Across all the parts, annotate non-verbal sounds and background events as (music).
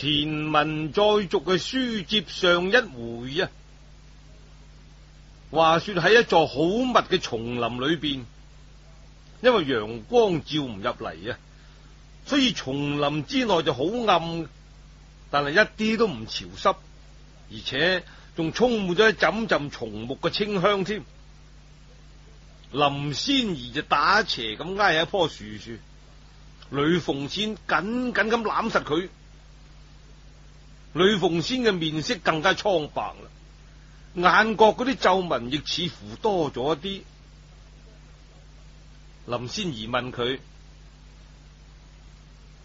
前文再續嘅書接上一回啊，話說喺一座好密嘅松林裏邊，因為陽光照唔入嚟啊，所以松林之內就好暗，但係一啲都唔潮濕，而且仲充滿咗一陣陣松木嘅清香添。林仙兒就打斜咁挨喺一棵樹樹，呂鳳先緊緊咁攬實佢。呂鳳仙嘅面色更加蒼白啦，眼角嗰啲皺紋亦似乎多咗一啲。林仙兒問佢：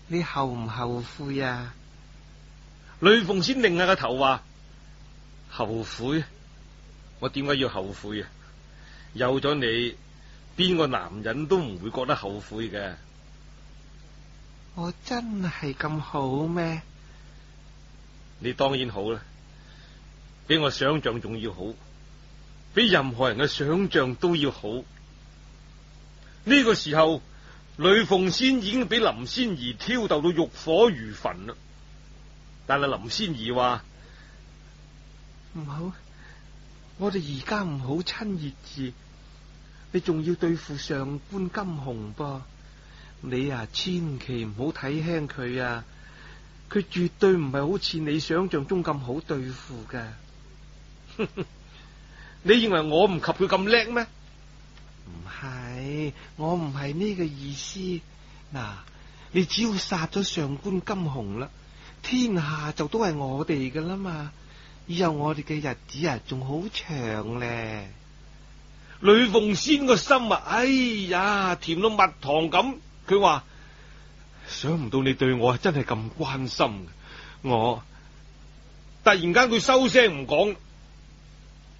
你後唔後悔啊？呂鳳仙擰下個頭話：後悔？我點解要後悔啊？有咗你，邊個男人都唔會覺得後悔嘅。我真係咁好咩？你當然好啦，比我想象仲要好，比任何人嘅想象都要好。呢、這個時候，呂鳳仙已經俾林仙兒挑逗到欲火如焚啦。但係林仙兒話唔好，我哋而家唔好親熱字，你仲要對付上官金鴻噃，你啊，千祈唔好睇輕佢啊！佢絕對唔係好似你想象中咁好對付嘅， (laughs) 你認為我唔及佢咁叻咩？唔係，我唔係呢個意思。嗱、啊，你只要殺咗上官金鴻啦，天下就都係我哋嘅啦嘛。以後我哋嘅日子啊，仲好長咧。呂鳳仙個心啊，哎呀，甜到蜜糖咁。佢話。想唔到你對我真係咁關心，我突然間佢收聲唔講，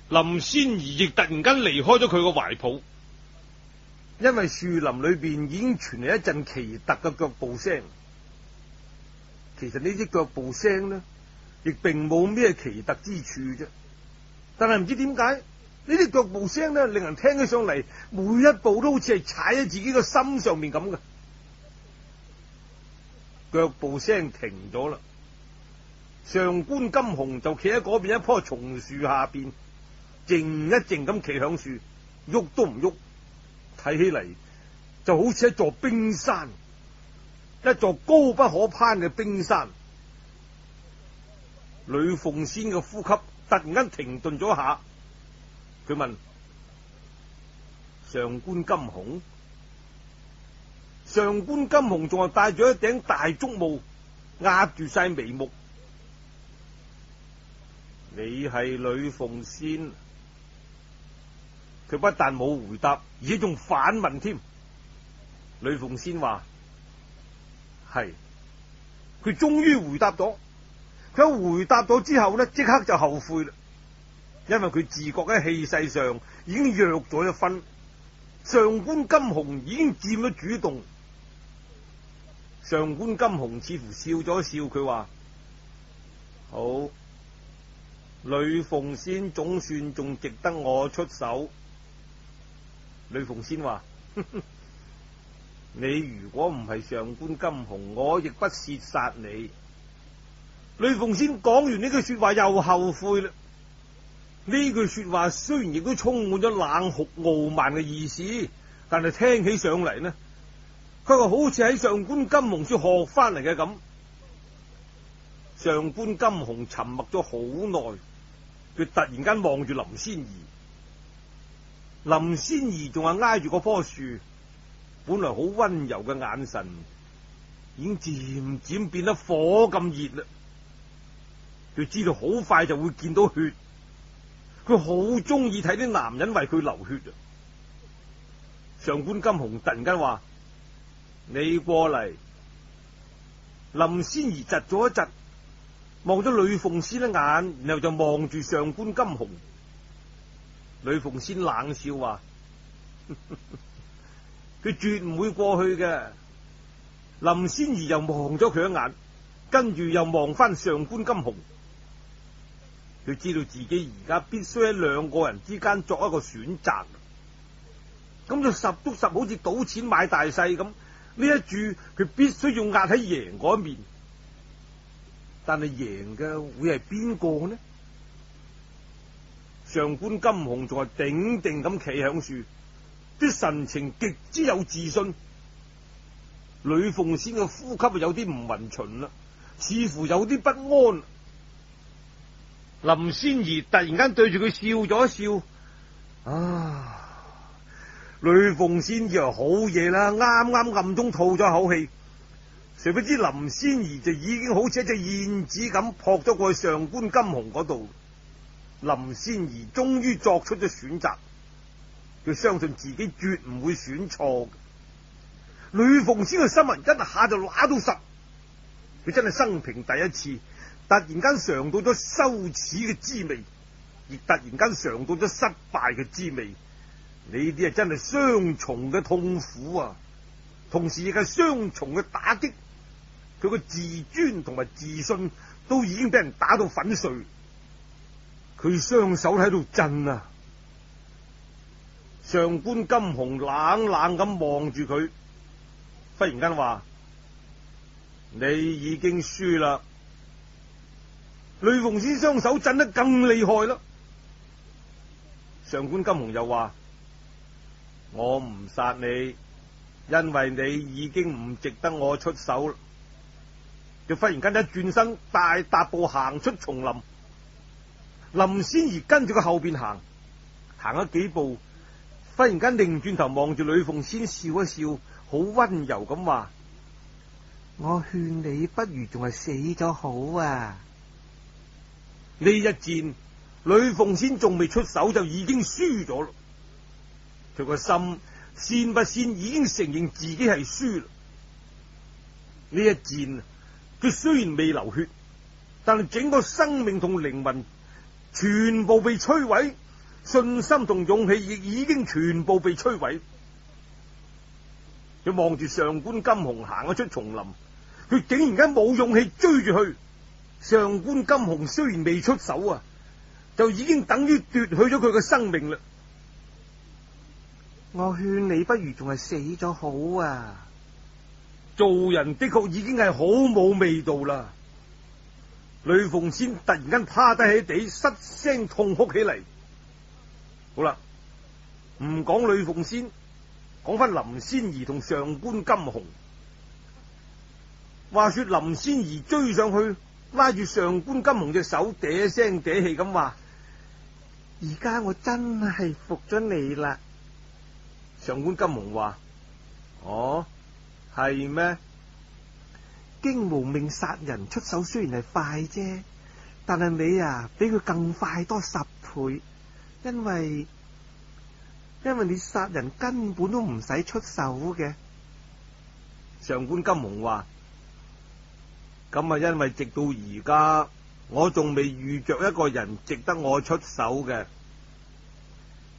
林仙兒亦突然間離開咗佢個懷抱，因為樹林裏邊已經傳嚟一陣奇特嘅腳步聲。其實呢啲腳步聲呢，亦並冇咩奇特之處啫，但係唔知點解呢啲腳步聲呢，令人聽起上嚟每一步都好似係踩喺自己嘅心上面咁嘅。腳步聲停咗啦，上官金虹就企喺嗰邊一棵松樹下邊，靜一靜咁企向樹，喐都唔喐，睇起嚟就好似一座冰山，一座高不可攀嘅冰山。呂鳳先嘅呼吸突然間停頓咗一下，佢問：上官金虹。上官金虹仲係戴住一頂大竹帽，壓住晒眉目。你係呂鳳先，佢不但冇回答，而且仲反問添。呂鳳先話：係佢終於回答咗。佢回答咗之後咧，即刻就後悔啦，因為佢自覺喺氣勢上已經弱咗一分，上官金虹已經佔咗主動。上官金鴻似乎笑咗一笑，佢話：好，呂鳳仙總算仲值得我出手。呂鳳仙話：你如果唔係上官金鴻，我亦不屑殺你。呂鳳仙講完呢句說話又後悔啦。呢句說話雖然亦都充滿咗冷酷傲慢嘅意思，但係聽起上嚟呢。佢話好似喺上官金鴻書學翻嚟嘅咁，上官金鴻沉默咗好耐，佢突然間望住林仙兒，林仙兒仲係挨住嗰棵樹，本來好溫柔嘅眼神，已經漸漸變得火咁熱嘞。佢知道好快就會見到血，佢好中意睇啲男人爲佢流血啊！上官金鴻突然間話。你過嚟，林仙兒窒咗一窒，望咗呂鳳先一眼，然後就望住上官金虹。呂鳳先冷笑話：佢絕唔會過去嘅。林仙兒又望咗佢一眼，跟住又望返上官金虹。佢知道自己而家必須喺兩個人之間作一個選擇，咁就十足十好似賭錢買大細咁。呢一注佢必須要壓喺贏嗰面，但係贏嘅會係邊個呢？上官金鴻仲係定定咁企喺樹，啲神情極之有自信。呂鳳仙嘅呼吸有啲唔勻循啦，似乎有啲不安。林仙兒突然間對住佢笑咗一笑啊！呂鳳先以為好嘢啦，啱啱暗中吐咗口氣，誰不知林仙兒就已經好似一隻燕子咁撲咗過去上官金鴻嗰度。林仙兒終於作出咗選擇，佢相信自己絕唔會選錯。呂鳳先嘅心魂一下就揦到實，佢真係生平第一次突然間嘗到咗羞恥嘅滋味，亦突然間嘗到咗失敗嘅滋味。呢啲啊真係雙重嘅痛苦啊，同時亦係雙重嘅打擊。佢個自尊同埋自信都已經俾人打到粉碎。佢雙手喺度震啊！上官金虹冷冷咁望住佢，忽然間話：你已經輸啦！呂鳳先雙手震得更厲害啦！上官金虹又話。我唔殺你，因為你已經唔值得我出手啦。就忽然間一轉身，大踏步行出松林。林仙兒跟住佢後邊行，行咗幾步，忽然間擰轉頭望住呂鳳仙，笑一笑，好溫柔咁話：我勸你不如仲係死咗好啊！呢一戰，呂鳳仙仲未出手就已經輸咗佢個心善不善已經承認自己係輸啦。呢一戰，佢雖然未流血，但係整個生命同靈魂全部被摧毀，信心同勇氣亦已經全部被摧毀。佢望住上官金虹行咗出叢林，佢竟然間冇勇氣追住去。上官金虹雖然未出手啊，就已經等於奪去咗佢嘅生命啦。我勸你不如仲係死咗好啊！做人的確已經係好冇味道啦。呂鳳仙突然間趴低喺地失聲痛哭起嚟。好啦，唔講呂鳳仙，講翻林仙兒同上官金虹。話說林仙兒追上去拉住上官金虹隻手，嗲聲嗲氣咁話，而家我真係服咗你啦！上官金虹話：哦，係咩？荊無命殺人出手雖然係快啫，但係你啊，比佢更快多十倍，因為因為你殺人根本都唔使出手嘅。上官金虹話：咁啊，因為直到而家，我仲未遇着一個人值得我出手嘅。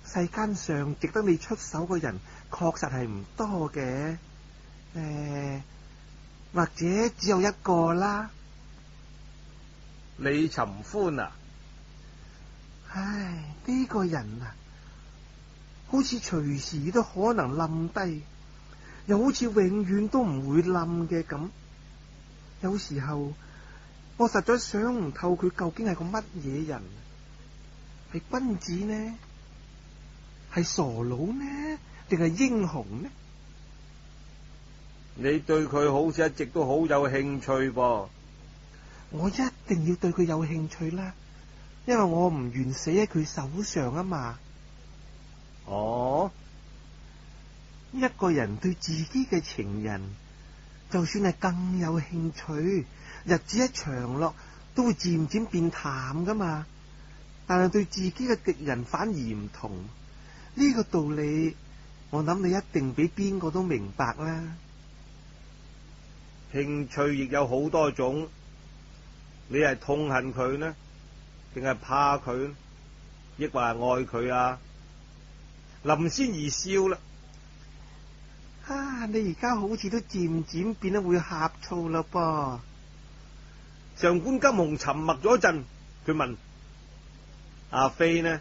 世間上值得你出手嘅人，確實係唔多嘅。誒、呃，或者只有一個啦。李尋歡啊，唉，呢、這個人啊，好似隨時都可能冧低，又好永遠的似永遠都唔會冧嘅咁。有時候我實在想唔透佢究竟係個乜嘢人，係君子呢？係傻佬呢，定係英雄呢？你對佢好似一直都好有興趣噃、哦？我一定要對佢有興趣啦，因為我唔願死喺佢手上啊嘛，哦，一個人對自己嘅情人，就算係更有興趣，日子一長落都會漸漸變淡噶嘛。但係對自己嘅敵人，反而唔同。呢個道理，我諗你一定比邊個都明白啦。興趣亦有好多種，你係痛恨佢呢，定係怕佢，亦或係愛佢啊？林仙兒笑啦，啊，你而家好似都漸漸變得會呷醋嘞噃。上官金鴻沉默咗一陣，佢問：阿飛呢？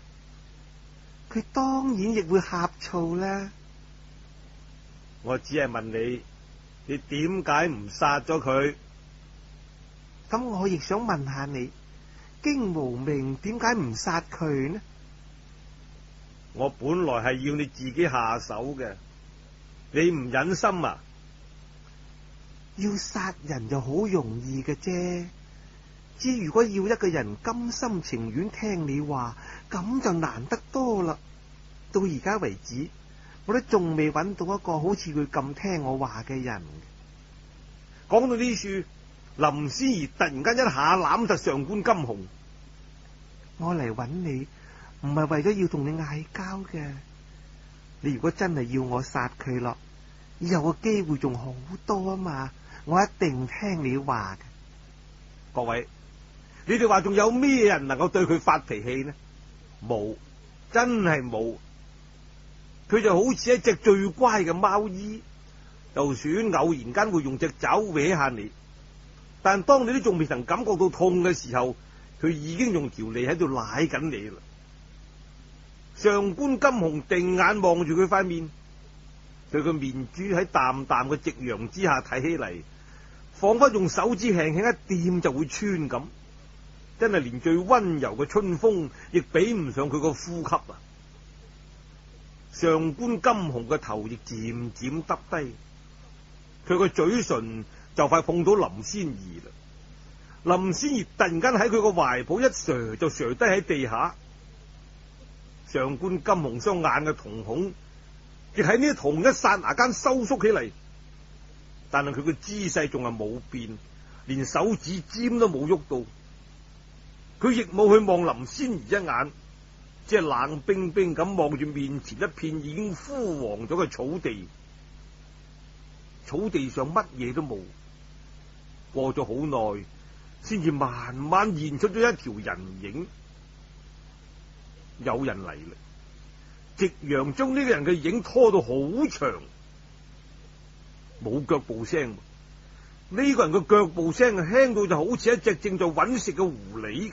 佢當然亦會呷醋啦。我只係問你，你點解唔殺咗佢？咁我亦想問下你，荊無命點解唔殺佢呢？我本來係要你自己下手嘅，你唔忍心啊？要殺人就好容易嘅啫。之如果要一個人甘心情願聽你話，咁就難得多啦。到而家為止，我都仲未揾到一個好似佢咁聽我話嘅人。講到呢處，林仙兒突然間一下攬實上官金鴻。我嚟揾你，唔係為咗要同你嗌交嘅。你如果真係要我殺佢咯，以後嘅機會仲好多啊嘛，我一定聽你話嘅。各位。你哋話仲有咩人能夠對佢發脾氣呢？冇，真係冇。佢就好似一隻最乖嘅貓咪，就算偶然間會用隻爪搲下你，但當你都仲未曾感覺到痛嘅時候，佢已經用條脷喺度舐緊你啦。上官金虹定眼望住佢塊面，佢個面珠喺淡淡嘅夕陽之下睇起嚟，仿佛用手指輕輕一掂就會穿咁。真係連最溫柔嘅春風，亦比唔上佢個呼吸啊！上官金鴻嘅頭亦漸漸耷低，佢個嘴唇就快碰到林仙兒啦。林仙兒突然間喺佢個懷抱一垂，就垂低喺地下。上官金鴻雙眼嘅瞳孔，亦喺呢同一剎那間收縮起嚟，但係佢個姿勢仲係冇變，連手指尖都冇喐到。佢亦冇去望林仙兒一眼，只係冷冰冰咁望住面前一片已經枯黃咗嘅草地。草地上乜嘢都冇，過咗好耐，先至慢慢現出咗一條人影。有人嚟啦！夕陽將呢個人嘅影拖到好長，冇腳步聲。呢個人嘅腳步聲輕到就好似一隻正在揾食嘅狐狸。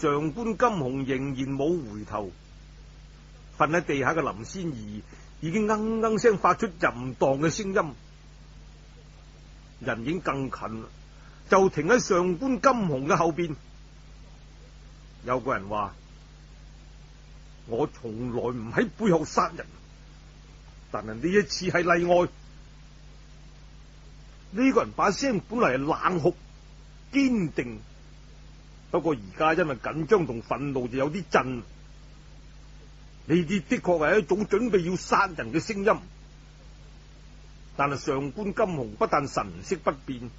上官金虹仍然冇回頭，瞓喺地下嘅林仙兒已經嚶嚶聲發出淫蕩嘅聲音，人影更近，就停喺上官金虹嘅後邊。有個人話：我從來唔喺背後殺人，但係呢一次係例外。呢、這個人把聲本嚟係冷酷堅定。不過而家因為緊張同憤怒就有啲震，呢啲的確係一種準備要殺人嘅聲音。但係上官金虹不但神色不變，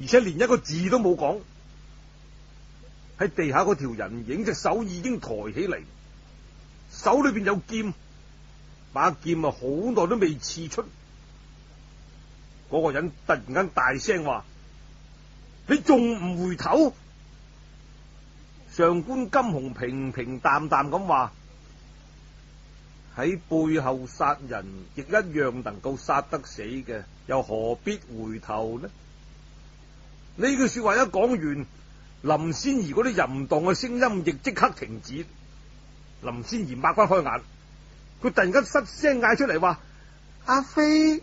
而且連一個字都冇講。喺地下條人影，隻手已經抬起嚟，手裏邊有劍，把劍啊好耐都未刺出。嗰個人突然間大聲話：你仲唔回頭？上官金鴻平平淡淡咁話：喺背後殺人，亦一樣能夠殺得死嘅，又何必回頭呢？呢句說話一講完，林仙兒嗰啲淫蕩嘅聲音亦即刻停止。林仙兒擘開雙眼，佢突然間失聲嗌出嚟話：阿飛！一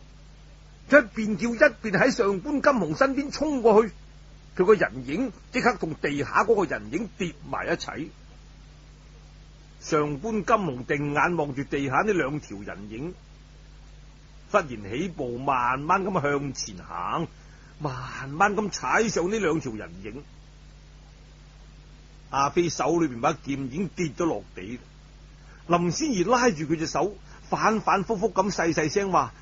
邊叫一邊喺上官金鴻身邊衝過去。佢個人影即刻同地下嗰個人影跌埋一齊，上官金龍定眼望住地下呢兩條人影，忽然起步，慢慢咁向前行，慢慢咁踩上呢兩條人影。阿飛手裏邊把劍已經跌咗落地，林仙兒拉住佢隻手，反反复复咁細細聲話：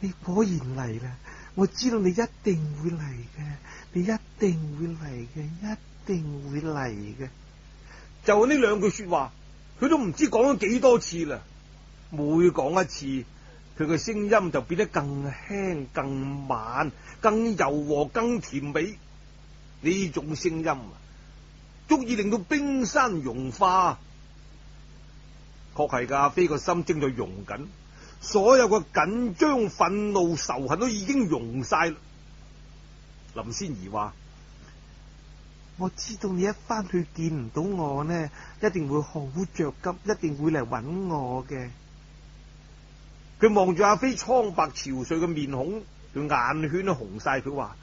你果然嚟啦，我知道你一定會嚟嘅，你一定會嚟嘅，一定會嚟嘅。就呢兩句說話，佢都唔知講咗幾多次啦。每講一次，佢個聲音就變得更輕、更慢、更柔和、更甜美。呢種聲音足以令到冰山融化。確係噶，阿飛個心正在融緊，所有個緊張、憤怒、仇恨都已經融晒啦。林仙兒話。我知道你一返去見唔到我呢，一定會好着急，一定會嚟搵我嘅。佢望住阿飛蒼白憔悴嘅面孔，佢眼圈都紅晒。佢話：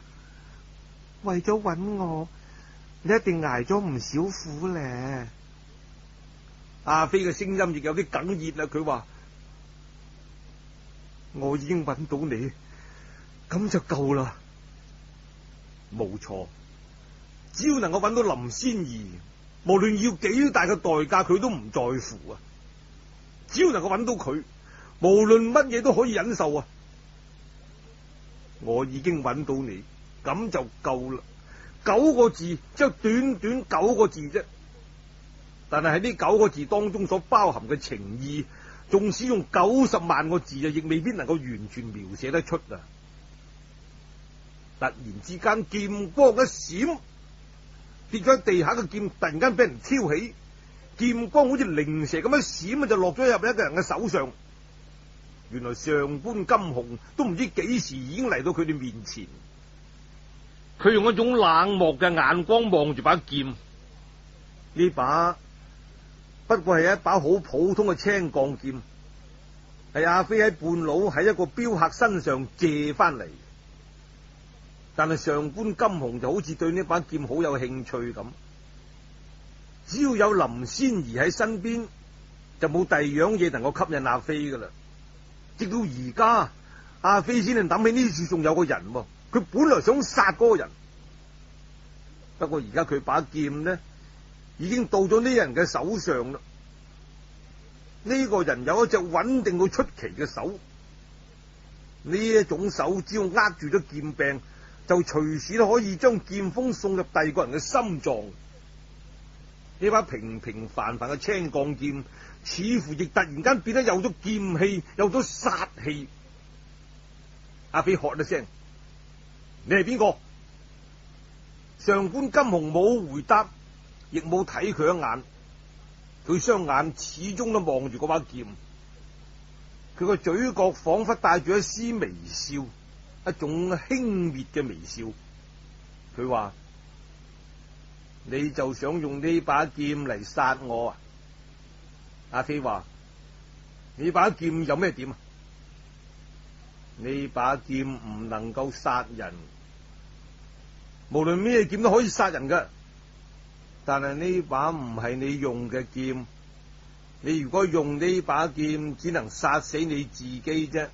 為咗搵我，你一定挨咗唔少苦咧。阿飛嘅聲音亦有啲哽咽啦。佢話：我已經搵到你，咁就夠啦，冇錯。只要能夠揾到林仙兒，無論要幾大嘅代價，佢都唔在乎啊！只要能夠揾到佢，無論乜嘢都可以忍受啊！我已經揾到你，咁就夠啦。九個字，即係短短九個字啫。但係喺呢九個字當中所包含嘅情意，縱使用九十萬個字啊，亦未必能夠完全描寫得出啊！突然之間，劍光一閃。跌咗喺地下嘅劍，那個、突然間俾人挑起，劍光好似靈蛇咁樣閃，啊就落咗入一個人嘅手上。原來上官金鴻都唔知幾時已經嚟到佢哋面前。佢用一種冷漠嘅眼光望住把劍，呢把不過係一把好普通嘅青鋼劍，係阿飛喺半路喺一個鏢客身上借翻嚟但係上官金虹就好似對呢把劍好有興趣咁，只要有林仙兒喺身邊，就冇第二樣嘢能夠吸引阿飛噶啦。直到而家，阿飛先至諗起呢次仲有個人，佢本來想殺嗰個人，不過而家佢把劍呢，已經到咗呢人嘅手上啦。呢個人有一隻穩定到出奇嘅手，呢一種手只要握住咗劍柄。就隨時都可以將劍鋒送入第二個人嘅心臟。呢把平平凡凡嘅青鋼劍，似乎亦突然間變得有咗劍氣，有咗殺氣。阿飛喝一聲：你係邊個？上官金虹冇回答，亦冇睇佢一眼。佢雙眼始終都望住嗰把劍，佢個嘴角仿佛帶住一絲微笑。一種輕蔑嘅微笑，佢話：你就想用呢把劍嚟殺我啊？阿飛話：你把劍有咩點啊？你把劍唔能夠殺人，無論咩劍都可以殺人噶，但係呢把唔係你用嘅劍，你如果用呢把劍，只能殺死你自己啫。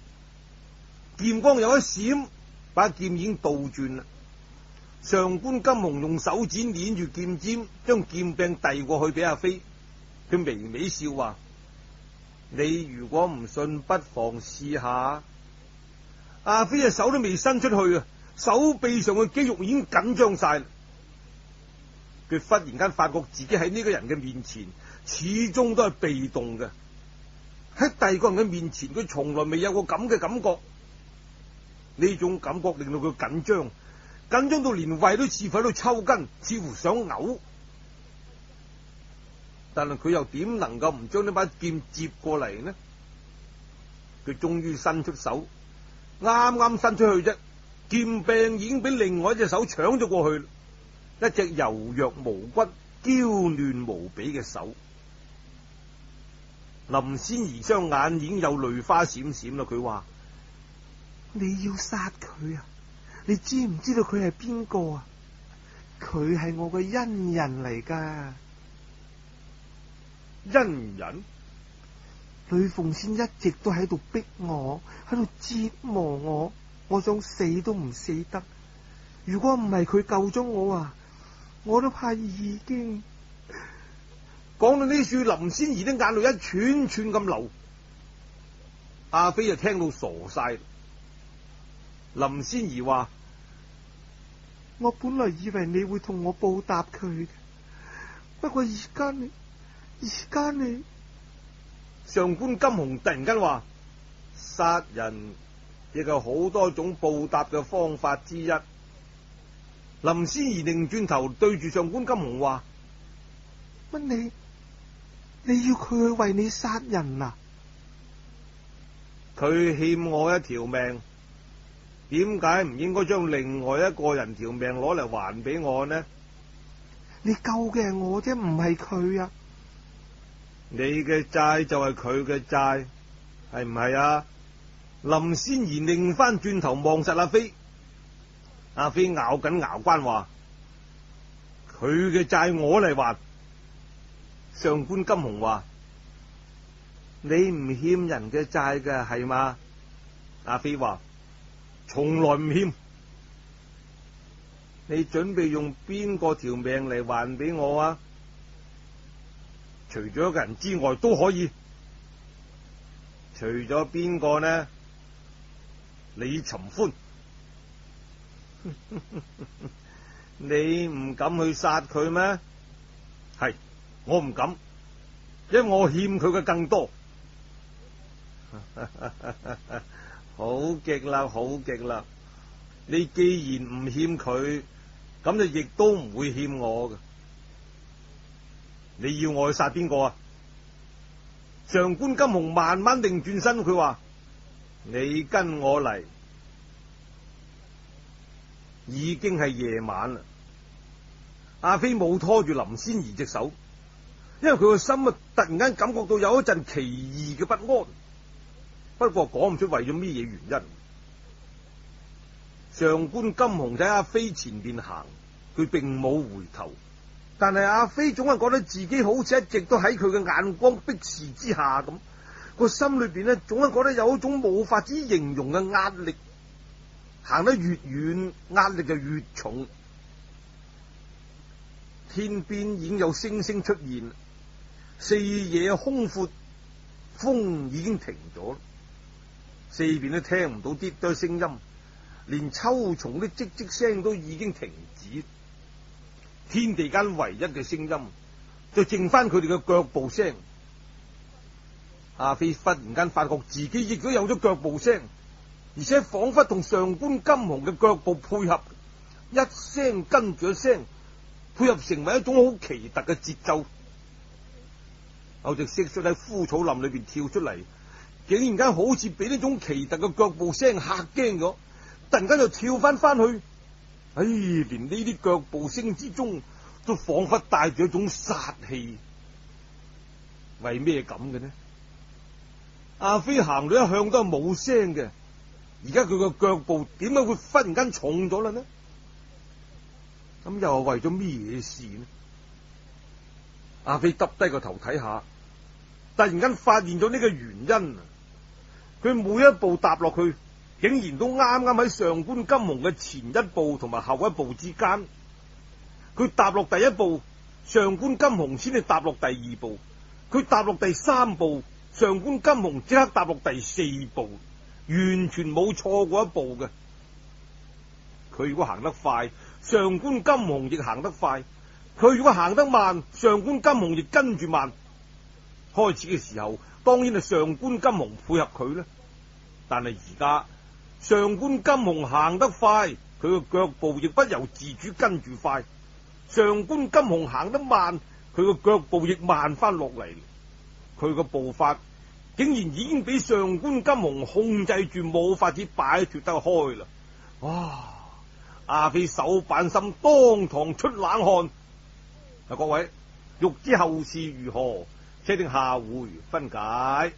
劍光又一閃，把劍已經倒轉啦。上官金鴻用手指捻住劍尖，將劍柄遞過去俾阿飛。佢微微笑話：你如果唔信，不妨試下。阿飛啊，手都未伸出去啊，手臂上嘅肌肉已經緊張晒。佢忽然間發覺自己喺呢個人嘅面,面前，始終都係被動嘅。喺第二個人嘅面前，佢從來未有過咁嘅感覺。呢種感覺令到佢緊張，緊張到連胃都似乎喺度抽筋，似乎想嘔。但係佢又點能夠唔將呢把劍接過嚟呢？佢終於伸出手，啱啱伸出去啫，劍柄已經俾另外一隻手搶咗過去，一隻柔弱無骨、嬌嫩無比嘅手。林仙兒雙眼已經有淚花閃閃啦，佢話。你要殺佢啊！你知唔知道佢係邊個啊？佢係我嘅恩人嚟噶，恩人，呂鳳先一直都喺度逼我，喺度折磨我，我想死都唔死得。如果唔係佢救咗我啊，我都怕已經。講到呢處，林仙兒的眼淚一串串咁流，阿飛就聽到傻晒。林仙兒話：我本來以為你會同我報答佢，不過而家你，而家你。上官金鴻突然間話：殺人亦有好多種報答嘅方法之一。林仙兒擰轉頭對住上官金鴻話：乜你？你要佢去為你殺人啊？佢欠我一條命。點解唔應該將另外一個人條命攞嚟還俾我呢？你救嘅係我啫，唔係佢啊！你嘅債就係佢嘅債，係唔係啊？林仙兒擰翻轉頭望實阿飛，阿飛咬緊牙關話：佢嘅債我嚟還。上官金虹話：你唔欠人嘅債嘅係嘛？」阿飛話。從來唔欠。你準備用邊個條命嚟還俾我啊？除咗一個人之外都可以，除咗邊個呢？李尋歡， (laughs) 你唔敢去殺佢咩？係，我唔敢，因為我欠佢嘅更多。 (laughs) 好極啦，好極啦！你既然唔欠佢，咁就亦都唔會欠我噶。你要我去殺邊個啊？上官金鴻慢慢定轉身，佢話：你跟我嚟。已經係夜晚啦。阿飛冇拖住林仙兒隻手，因為佢個心啊，突然間感覺到有一陣奇異嘅不安。不過講唔出為咗咩嘢原因，上官金虹喺阿飛前面行，佢並冇回頭，但係阿飛總係覺得自己好似一直都喺佢嘅眼光逼視之下咁，個心裏邊呢，總係覺得有一種無法之形容嘅壓力，行得越遠，壓力就越重。天邊已經有星星出現，四野空闊，風已經停咗。四邊都聽唔到啲堆聲音，連秋蟲的唧唧聲都已經停止。天地間唯一嘅聲音，就剩翻佢哋嘅腳步聲。阿飛忽然間發覺自己亦都有咗腳步聲，而且仿佛同上官金虹嘅腳步配合，一聲跟住一聲，配合成為一種好奇特嘅節奏。有隻蟋蟀喺枯草林裏邊跳出嚟。竟然間好似俾呢種奇特嘅腳步聲吓驚咗，突然間就跳翻翻去。唉、哎，連呢啲腳步聲之中都仿佛帶住一種殺氣。為咩咁嘅呢？阿飛行路一向都係冇聲嘅，而家佢個腳步點解會忽然間重咗啦呢？咁又係為咗咩事呢？阿飛耷低個頭睇下，突然間發現咗呢個原因。佢每一步踏落去，竟然都啱啱喺上官金虹嘅前一步同埋後一步之間。佢踏落第一步，上官金虹先至踏落第二步。佢踏落第三步，上官金虹即刻踏落第四步，完全冇錯過一步嘅。佢如果行得快，上官金虹亦行得快；佢如果行得慢，上官金虹亦跟住慢。開始嘅時候，當然係上官金虹配合佢咧。但係而家上官金虹行得快，佢個腳步亦不由自主跟住快；上官金虹行得慢，佢個腳步亦慢翻落嚟。佢個步伐竟然已經俾上官金虹控制住，冇法子擺脱得開啦！哇、啊！阿、啊、飛手板心當堂出冷汗。嗱、啊，各位欲知後事如何？即定下回分解。